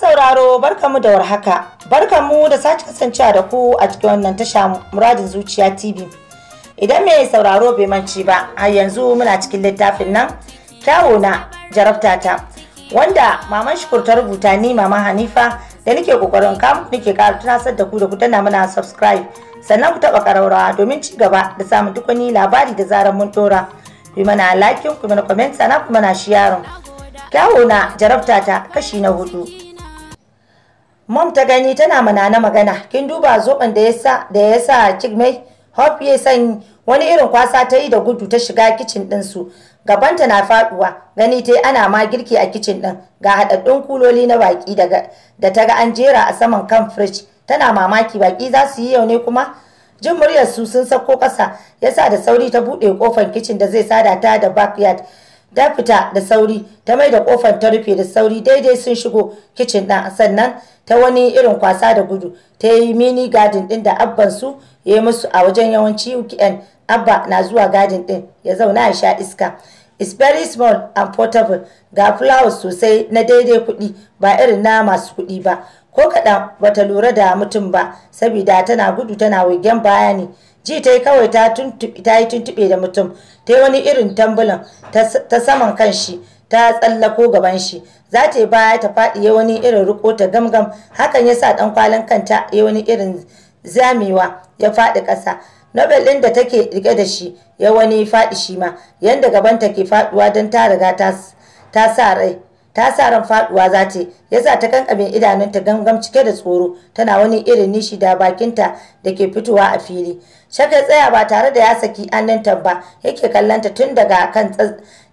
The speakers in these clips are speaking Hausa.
sauraro barkamu da warhaka, barkamu da sake kasancewa da ku a cikin wannan tasha muradin zuciya TV. Idan mai sauraro bai manci ba, a yanzu muna cikin littafin nan, kyawo na jarabtata, wanda maman shukur ta rubuta ni mama Hanifa da nake kokarin kam nike ƙara tunasar da ku da ku tana muna subscribe sannan ku taɓa ƙararrawa domin ci gaba da samun duk wani labari da zarar mun ɗora. Ku mana like ku mana comment, sannan ku mana sharing. Kyawo na jarabtata kashi na hudu. Mom ta gani tana manana magana, kin duba zoben da yasa da yasa Chigmai Hope ya san wani irin kwasa ta yi da gudu ta shiga kicin din su. Gabanta na faduwa, gani tai ana ma girki a kicin din. Ga hadaddun kuloli na baki daga da ta ga an jera a saman kan fridge. Tana mamaki baki za su yi yau ne kuma jin muryar su sun sako kasa yasa da sauri ta bude kofar kicin da zai sada ta da backyard. da fita da sauri ta mai da kofar ta rufe da sauri daidai sun shigo kicin ɗin sannan ta wani irin kwasa da gudu ta yi mini gadin ɗin da abban su ya yi musu a wajen yawanci UKN, abba na zuwa gadin ɗin ya zauna ya sha iska is very small and portable ga flowers sosai na daidai kuɗi ba irin na masu kuɗi ba ko kaɗan bata lura da mutum ba saboda tana gudu tana wigen baya ne ji ta yi kawai ta yi tuntuɓe da mutum ta yi wani irin tambulan ta saman kan shi ta tsallako gaban shi za ta yi baya ta faɗi ya wani irin riko ta gamgam hakan ya sa ɗan kwalin kanta ya wani irin zamewa ya faɗi ƙasa Nobel ɗin da take rike da shi ya wani faɗi shi ma yadda gabanta ke faɗuwa don ta riga ta sa rai ta sa ran faduwa za yasa ta kankame idanunta gangam cike da tsoro tana wani irin nishi da bakinta da ke fitowa a fili shaka tsaya ba tare da ya saki annanta ba yake kallanta tun daga kan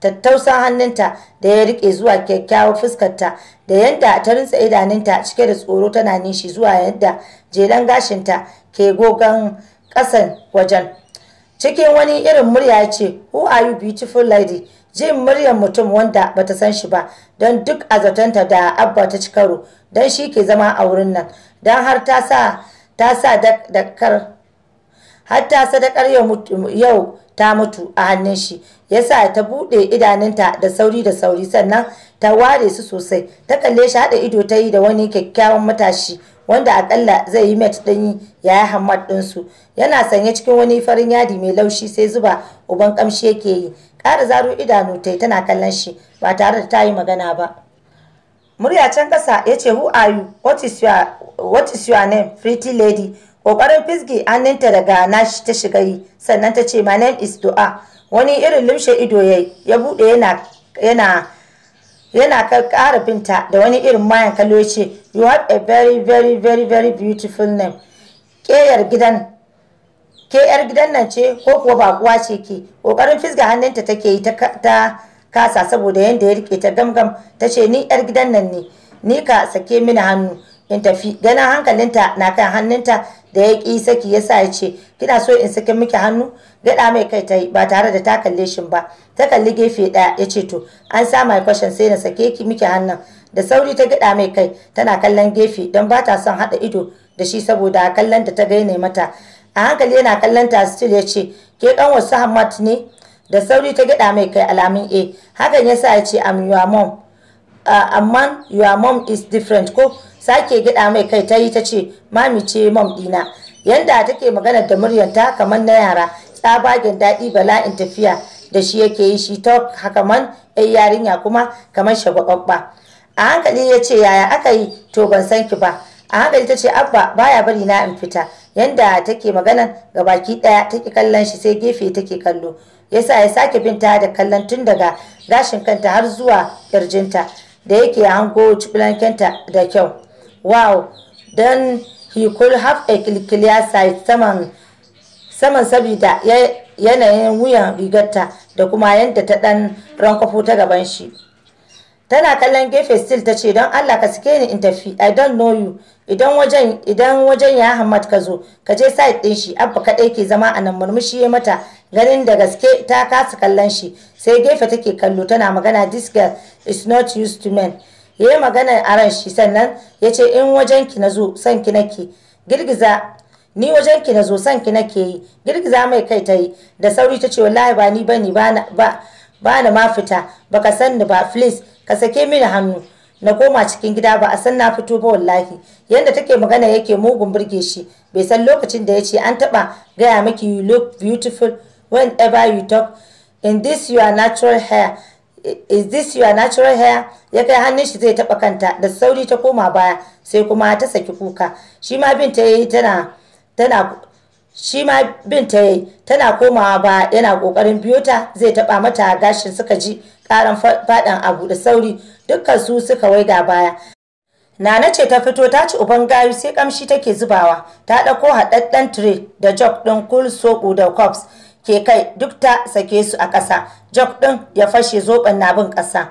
tattausan hannunta da ya rike zuwa kyakkyawar fuskarta da yadda ta rintsa idanunta cike da tsoro tana nishi zuwa yadda jelan gashinta ke gogon ƙasan wajen cikin wani irin murya ya ce who are you beautiful lady jin muryar mutum wanda bata san shi ba don duk azatanta da abba ta ci karo don shi ke zama a wurin nan don har ta sa ta sa dakar har ta sadakar yau ta mutu a hannun shi yasa ta bude idanunta da sauri da sauri sannan ta ware su sosai ta kalle shi haɗa ido ta yi da wani kyakkyawan matashi wanda akalla zai yi met ɗin yi Hamad ɗinsu yana sanye cikin wani farin yadi mai laushi sai zuba uban kamshi yake yi ƙara zaro idanu tai tana kallon shi ba tare da ta yi magana ba murya can ƙasa ya ce who are you what is your, name pretty lady ƙoƙarin fisgi hannunta daga nashi ta shiga yi sannan ta ce my name is du'a wani irin limshe ido ya ya buɗe yana yana yana ƙara binta da wani irin mayan kallo ya ce you have a very very very very beautiful name ƙeyar gidan ke yar gidan nan ce ko kuwa baƙuwa ce ke ƙoƙarin fisga hannunta take yi ta kasa saboda yadda ya rike ta gamgam ta ce ni yar gidan nan ne ni ka sake mini hannu in tafi ganin hankalinta na kan hannunta da ya ƙi saki ya sa ya ce kina so in saki miki hannu Gada mai kai ta yi ba tare da ta kalle shin ba ta kalli gefe ɗaya ya ce to an sa mai kwashin sai na sake ki miki hannun da sauri ta gada mai kai tana kallon gefe don ba ta son haɗa ido da shi saboda kallon da ta gaine mata a hankali yana kallon ta still ya ce ke kan wasu hammat ne da sauri ta gaɗa mai kai alamin a eh, hakan ya sa ya ce am uh, amman your mom is different ko sake gida mai kai ta yi ta ce mami ce mom dina yanda take magana da muryanta kamar na yara tsabagen daɗi bala in tafiya da shi yake yi shi ta hakaman yan yarinya kuma kamar shagwababba a hankali ya ce yaya aka yi to ban san ki ba a hankali ta ce abba baya bari na in fita yanda take magana ga baki ɗaya take kallon shi sai gefe take kallo yasa ya sake binta da kallon tun daga gashin kanta har zuwa kirjinta da yake hango cibilankenta da kyau wow don he could have a clear sight saman saman sabida yanayin wuyan rigarta da kuma yadda ta dan rankafo ta gaban shi tana kallon gefe still ta ce don allah ka sike ni in tafi i don't know you idan wajen idan wajen ya hamad ka zo ka je side din shi abba kadai ke zama a nan murmushi ya mata ganin da gaske ta kasa kallon shi sai gefe take kallo tana magana this girl is not used to men ya yi a ran shi sannan ya ce in wajen ki na zo son ki nake girgiza ni wajen ki na zo son ki nake yi girgiza mai kai ta yi da sauri ta ce wallahi ba ni bane ba ba na ma fita baka san ni ba please ka sake mini hannu na koma cikin gida ba a san na fito ba wallahi yanda take magana yake mugun burge shi bai san lokacin da ya ce an taba gaya miki you look beautiful whenever you talk in this your natural hair is this your natural hair ya kai hannun shi zai taba kanta da sauri ta koma baya sai kuma ta saki kuka shi ma bin ta yi tana komawa ba yana kokarin biyo ta zai taba mata gashin suka ji karan fadan abu da sauri dukkan su suka waiga baya Nana ce ta fito ta ci uban gayu sai kamshi take zubawa ta ɗauko haɗaɗɗen tire da jog din kul soɓo da cups ke kai duk ta sake su a ƙasa jok ɗin ya fashe zoben na bin ƙasa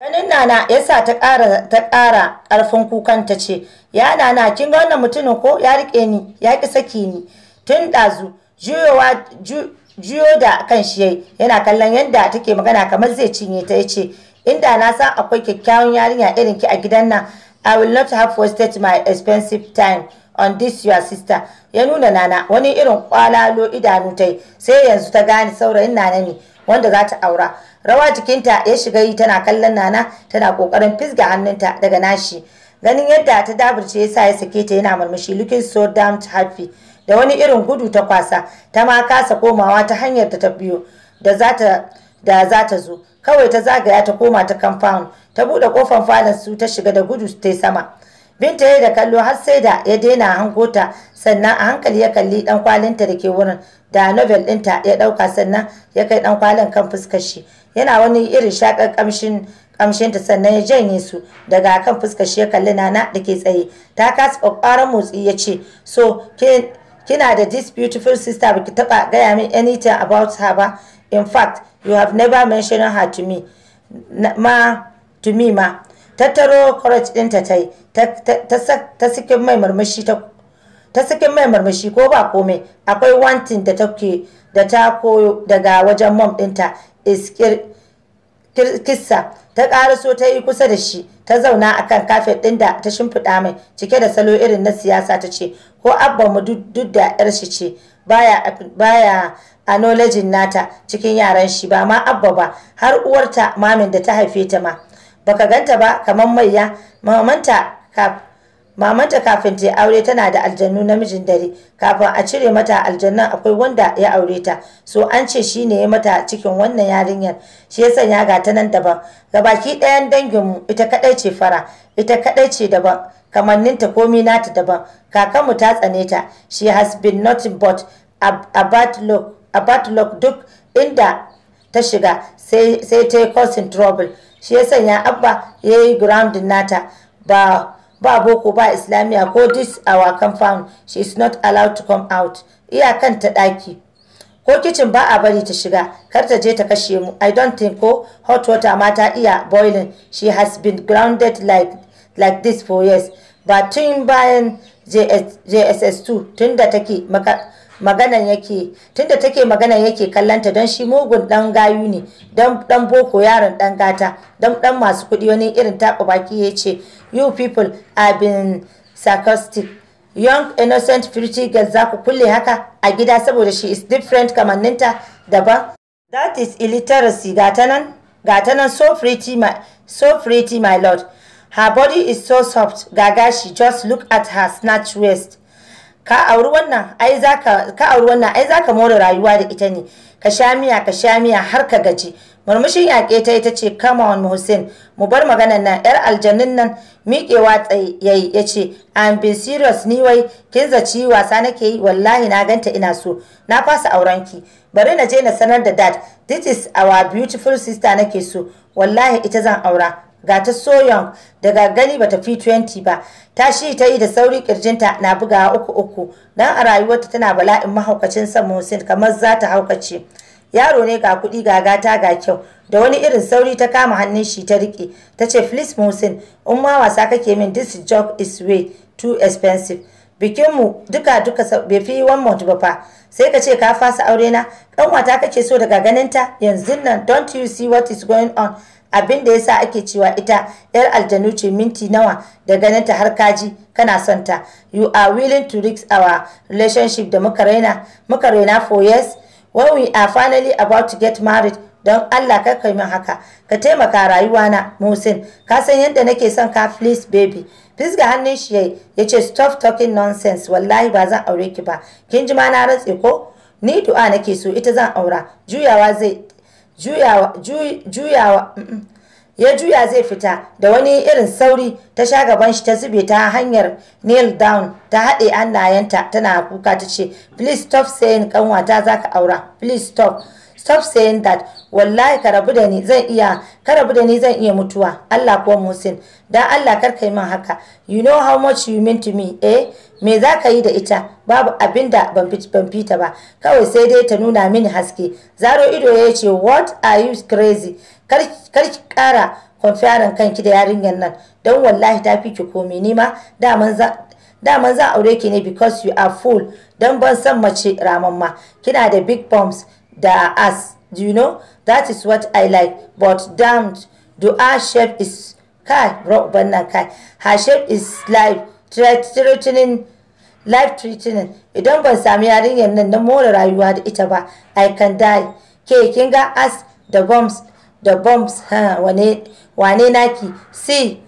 ganin nana ya sa ta ƙara ƙara ƙarfin kukan ta ce ya nana kin ga wannan mutumin ko ya riƙe ni ya ƙi saki ni tun ɗazu juyowa juyo da kan shi yayi yana kallon yadda take magana kamar zai cinye ta ya ce inda na san akwai kyakkyawan yarinya irin ki a gidan nan I will not have wasted my expensive time on this your sister ya nuna nana wani irin kwalalo idanu ta yi sai yanzu ta gane saurayin nana ne wanda za ta aura rawa jikinta ya shiga yi tana kallon nana tana kokarin fisga hannunta daga nashi ganin yadda ta daburce sa ya sake ta yana murmushi looking so damn happy da wani irin gudu ta kwasa ta ma kasa komawa ta hanyar ta biyo da za ta da za ta zo kawai ta zagaya ta koma ta compound ta bude kofar falon su ta shiga da gudu ta sama Binta ya da kallo har sai da ya daina hankota sannan a hankali ya kalli dan kwalinta da ke wurin da novel ɗinta ya ɗauka sannan ya kai dan kwalin kan fuskar shi. Yana wani irin shakar kamshin ta sannan ya janye su daga kan fuskar shi ya kalli nana da ke tsaye. Ta kasa kokarin motsi ya ce so kina da this beautiful sister ba ki taɓa gaya min anything about her ba. In fact, you have never mentioned her to me. Ma, to me ma. tattaro kwaraj ɗinta ta yi ta sikin mai marmashi ko ba komai akwai wantin da take da ta koyo daga wajen mom ɗinta iskir kissa ta ƙaraso ta yi kusa da shi ta zauna a kan kafet ɗin da ta shimfiɗa mai cike da salo irin na siyasa ta ce ko abba mu duk da yar shi ce baya baya nata cikin yaran shi ba ma abba ba har uwarta mamin da ta haife ta ma baka ganta ba kamar maiya mamanta mamanta kafin ta aure tana da aljannu namijin dare kafin a cire mata aljannan akwai wanda ya aure ta so an ce shi ne ya mata cikin wannan yarinyar shi ya sanya ga ta nan daban ga baki ɗayan danginmu ita kaɗai ce fara ita kaɗai ce daban kamanninta komi nata daban kakanmu ta tsane ta she has been nothing but a bad luck duk inda ta shiga sai ta yi causing trouble shi ya sanya abba ya yi grounding nata ba ba boko ba islamiyya ko this our compound she is not allowed to come out iyakan ta daki ko kicin ba a bari ta shiga kar ta je ta kashe mu i don't think ko hot water ma ta iya boiling she has been grounded like like this for years ba tun bayan jss2 tun da take maka maganan yake tunda take maganan yake kallanta don shi mugun dan gayu ne dan dan boko yaron dan gata dan dan masu kuɗi wani irin taba baki ya ce you people have been sarcastic young innocent pretty girl za ku kulle haka a gida saboda she is different kamanninta daban that is illiteracy gata nan gata nan so pretty my so pretty my lord her body is so soft gaga she just look at her snatch waist ka auri wannan ai zaka ka auri more rayuwa da ita ne ka sha miya ka sha miya har ka gaji murmushin yaƙe ta ita ce come on Hussein mu bar maganar nan yar aljannin nan miƙewa tsaye yayi yace I'm being serious ni wai kin zaci wasa nake yi wallahi na ganta ina so na fasa auren bari na je na sanar da dad this is our beautiful sister nake so wallahi ita zan aura ga ta soyon daga gani bata fi 20 ba ta shi ta yi da sauri kirjinta na bugawa uku uku dan a rayuwarta tana bala'in mahaukacin san Musin kamar za ta haukace yaro ne ga kuɗi ga gata ga kyau da wani irin sauri ta kama hannun shi ta riƙe ta ce please Musin, in ma wasa kake min this jug is way too expensive bikinmu duka duka bai fi one month ba fa sai ka ce ka fasa aure na kanwata kake so daga ganinta yanzu nan don't you see what is going on abin da yasa ake cewa ita yar aljanu ce minti nawa da ganinta har kaji kana son ta you are willing to risk our relationship da muka raina muka raina for years when we are finally about to get married don Allah kar kai min haka ka taimaka rayuwa na Musin ka san yadda nake son ka please baby ga hannun shi yayi yace stop talking nonsense wallahi ba zan aure ki ba kin ji ma na ratse ko ni du'a nake so ita zan aura juyawa zai juyawa ya juya zai fita da wani irin sauri ta sha gaban shi ta zube ta hanyar nail down ta haɗe annayenta tana kuka ta ce please stop saying kanwata za ka aura please stop stop saying that wallahi ka rabu da ni zan iya ka rabu da ni zan iya mutuwa Allah ko Musin dan Allah kar ka yi min haka you know how much you mean to me eh me za ka yi da ita babu abin da ban ta ba kawai sai dai ta nuna mini haske zaro ido ya ce what are you crazy kar ki kara kwamfiyarin kanki da yarinyar nan don wallahi ta fi ki komi ni ma daman za a aure ki ne because you are full don ban san mace ma. kina da big bombs da as do you know that is what i like but damned du'a shape is kai rock bannan kai her shape is like threatening life treatment idan ban sami yarinyar nan na more rayuwa da ita ba i can die ke kin ga as the bombs da bombs ha wane wane naki see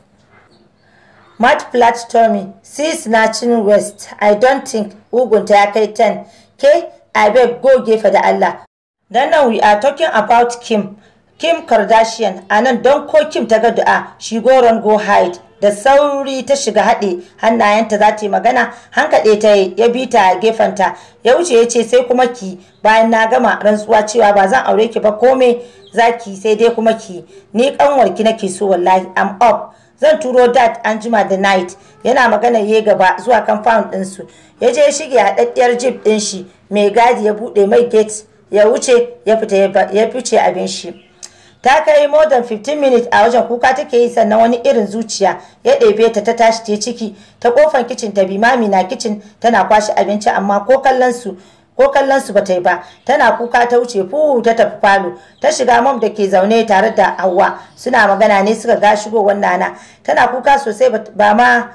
Matt Platt Tommy, see snatching west. I don't think ugunta ya kai 10. Ke, I beg go gefe da Allah. Then now we are talking about Kim. Kim Kardashian, a nan don ko Kim taga du'a, she go run go hide. da sauri ta shiga haɗe hannayenta za ta yi magana hankaɗe ta yi ya bi ta gefenta ya wuce ya ce sai kuma ki bayan na gama rantsuwa cewa ba zan aure ki ba komai za ki sai dai kuma ki ni ki nake so wallahi am up zan turo dat an jima da night yana magana ya gaba zuwa compound ɗinsu ya je shige haɗaɗɗiyar jeep ɗin shi mai gadi ya buɗe mai gate ya wuce ya ya fice abin shi ta kai more than 15 minutes a wajen kuka take yi sannan wani irin zuciya ya ɗebe ta ta tashi ta ciki ta kofar kicin ta bi mami na kicin tana kwashi abinci amma ko kallon su ko kallon su bata yi ba tana kuka ta wuce fu ta tafi falo ta shiga mom da ke zaune tare da Hauwa suna magana ne suka ga shigowar nana tana kuka sosai ba ma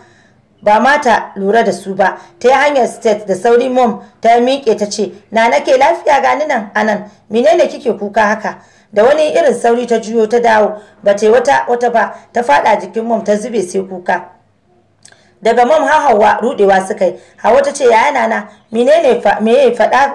ba ma ta lura da su ba ta yi hanyar state da sauri mom ta miƙe ta ce nana ke lafiya gani nan anan menene kike kuka haka da wani irin sauri ta juyo ta dawo ba ta wata wata ba ta fada jikin mom ta zube sai kuka daga mom har hawa rudewa suka yi hawa ta ce yaya nana menene fa me fada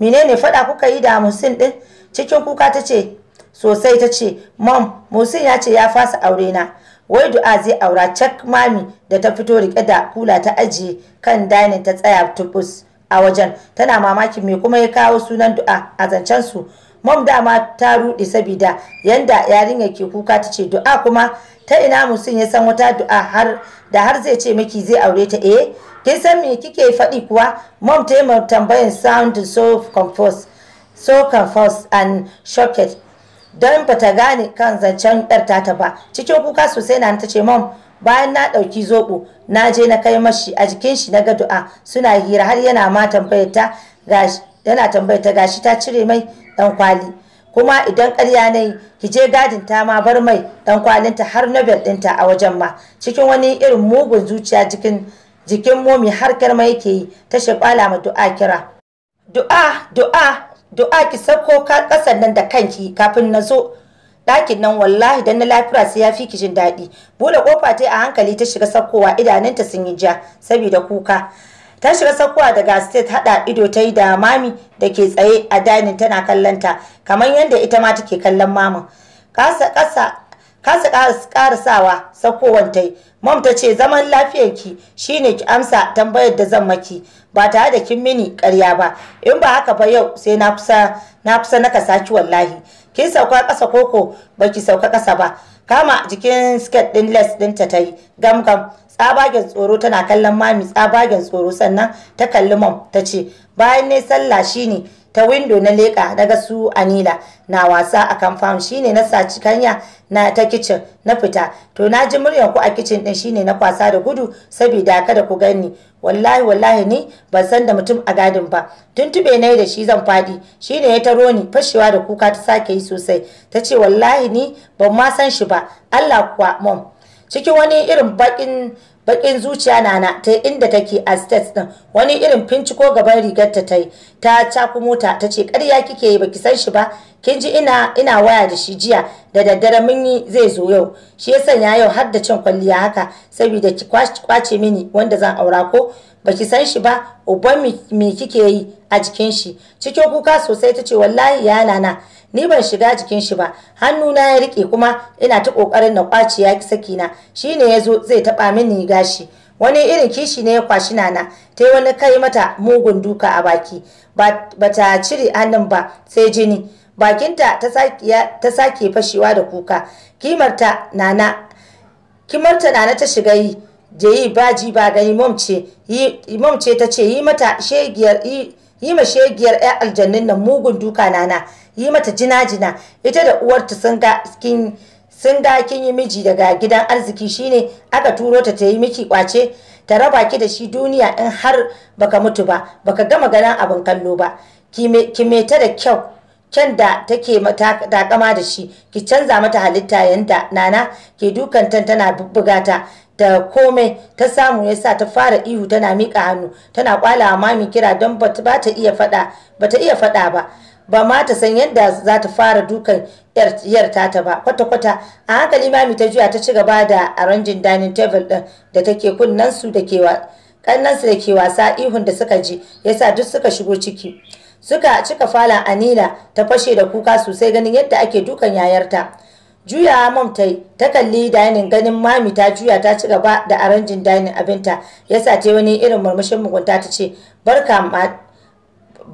menene fada kuka yi da musin din cikin kuka ta ce sosai ta ce mom musin ya ce ya fasa aure na wai du'a zai aura cak mami da ta fito rike da kula ta ajiye kan dani ta tsaya tubus a wajen tana mamakin me kuma ya kawo sunan du'a a zancen su mom dama ta rude sabida yanda yarinya ke kuka tace du'a kuma ta ina musun ya san wata du'a har da har zai ce miki zai aure ta eh kin san me kike faɗi kuwa mom ta yi tambayan sound so confused so confused and shocked don ba ta gane kan zancen yar tata ba cikin kuka sosai na ta ce mom bayan na ɗauki zoɓo na je na kai mashi a jikin shi na ga du'a suna hira har yana ma tambayar ta gashi yana tambayar ta gashi ta cire mai dan kwali kuma idan ƙarya ne ki je gadin ta ma bar mai dan kwalinta har nobel ɗinta a wajen ma cikin wani irin mugun zuciya cikin jikin momi har karma yake yi ta shekwala ma du'a kira du'a du'a du'a ki sauko ƙasar nan da kanki kafin na zo ɗakin nan wallahi dan na lafira sai ya fi ki jin daɗi buɗe ƙofa ta a hankali ta shiga saukowa idanunta sun yi ja saboda kuka ta shiga sakuwa daga state hada ido ta yi da mami da ke tsaye a dining tana kallon ta kamar yadda ita ma take kallon mamin kasa kasa kasa karasawa sakowan ta mom ta ce zaman lafiyarki shine ki amsa tambayar da zan maki ba tare da kin mini ƙarya ba in ba haka ba yau sai na fusa na fusa naka saki wallahi kin sauka kasa koko baki sauka kasa ba kama jikin skirt din les din ta tai gam gam tsabagen tsoro tana kallon mami tsabagen tsoro sannan ta kalli mom ta ce bayan ne sallah shine ta windo na leka daga su anila na wasa a kamfam shine na saci kanya na ta kicin na fita to na ji muryar ku a kicin din shine na kwasa da gudu saboda kada ku gani wallahi wallahi ni ban san da mutum a gadin ba tuntube nayi da shi zan fadi shine ya taro ni fashewa da kuka ta sake yi sosai ta ce wallahi ni ban ma san shi ba Allah kuwa mom cikin wani irin bakin bakin zuciya nana ta inda take a states din wani irin finciko gaban rigar ta tai ta cakumo ta tace ƙarya kike yi baki san shi ba kin ji ina ina waya da shi jiya da daddare mun yi zai zo yau shi ya sanya yau har da cin kwalliya haka saboda ki kwace mini wanda zan aura ko baki san shi ba uban me kike yi a jikin shi cikin kuka sosai ta ce wallahi ya nana ni ban shiga jikin shi ba hannu ya rike kuma ina ta kokarin na kwace ya ki saki na shine yazo zai taba mini gashi wani irin kishi ne ya kwashi nana ta wani kai mata mugun duka a baki ba ta cire hannun ba sai jini bakinta ta sake fashewa da kuka kimarta nana kimarta nana ta shiga yi jeyi ba ji ba gani mom ce ta ce yi yi ma shegiyar ƴan aljannin nan mugun duka nana yi mata jina jina ita da uwarta sun ga kin yi miji daga gidan arziki shine aka turo ta ta yi miki kwace ta raba ki da shi duniya in har baka mutu ba baka gama ganin abin kallo ba ki ta da kyau kyan da take takama da shi ki canza mata halitta yanda nana ke dukantan tana bugata da komai ta samu ya sa ta fara ihu tana miƙa hannu tana kwala mami kira don ba ta iya faɗa ba ta iya fada ba ba ma ta san yadda za ta fara dukan yar tata ba kwata-kwata a hankali mami ta juya ta ci gaba da arrangin dining table din da take kunnen su da kewa kannansu da ke wasa ihun da suka ji yasa duk suka shigo ciki suka cika falon anila ta fashe da kuka sosai ganin yadda ake dukan yayarta juya mom ta ta kalli dining ganin mami ta juya ta ci gaba da aranjin dining abinta yasa ta wani irin murmushin mugunta ta ce barka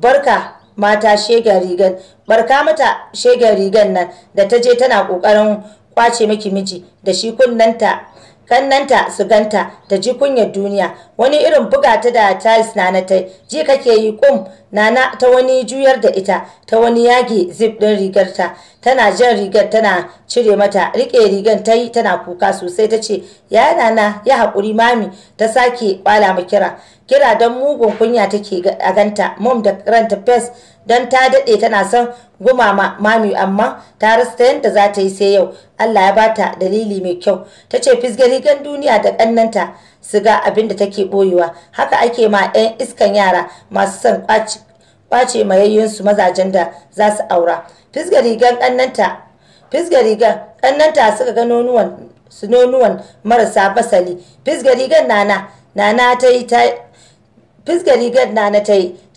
barka mata shegen rigan barka mata rigan nan da ta je tana kokarin kwace miki miji da shi kunnanta kannanta su ganta ta ji kunyar duniya wani irin buga ta da tiles na na tai ji kake yi kum Nana ta wani juyar da ita ta wani yage zip ɗin rigarta tana jan rigar tana cire mata riƙe rigar ta yi tana kuka sosai ta ce ya nana ya hakuri mami ta sake kwala ma kira kira don mugun kunya take a ganta mom da ranta fes don ta daɗe tana son gumama mami amma ta rasa yadda za ta yi sai yau Allah ya bata dalili mai kyau ta ce fisgari gan duniya da ƙannanta su ga abin da take boyewa haka ake ma 'yan iskan yara masu son kwace mayayyunsu mazajen da za su aura fisgar rigar kannanta su ga nonuwan marasa basali fisgar rigar nana nana ta yi ta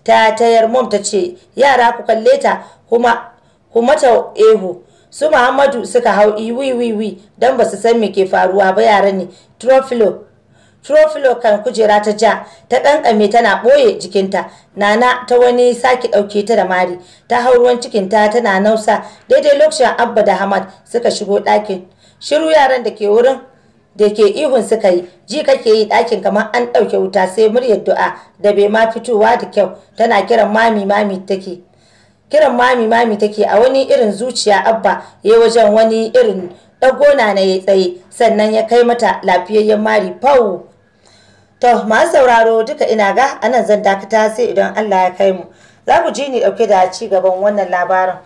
ta tayar mom ta ce yara ku kalle ta kuma ta ehu su muhammadu suka hau iwi don ba su san me ke faruwa ba yara ne trofilo Trofilo kan kujera ta ja ta kankame tana boye jikinta. Nana ta wani sake dauke ta da mari. Ta hau ruwan ta tana nausa daidai lokacin Abba da Hamad suka shigo ɗakin. Shiru yaran da ke wurin da ke ihun suka yi ji kake yi ɗakin kamar an ɗauke wuta sai muryar du'a da bai ma fitowa da kyau tana kiran mami mami take kiran mami mami take a wani irin zuciya abba ya wajen wani irin dagona na ya tsaye sannan ya kai mata lafiyayyen mari fau To masu sauraro duka ina ga anan zan dakata sai idan Allah ya kai mu. Za ku ji ni ɗauke da ci gaban wannan labarin.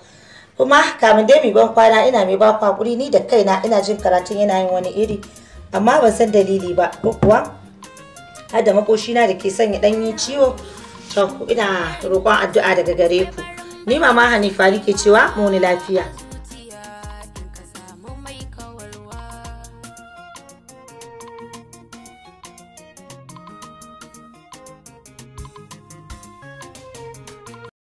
Kuma kamin dai mu ban kwana ina mai ba kwakuri ni da kaina ina jin karatun yana yin wani iri amma ban san dalili ba ko kuwa har da makoshina da ke sanya ɗanyen ciwo. To ina roƙon addu'a daga gare ku. Ni mama Hanifa ke cewa mu ni lafiya.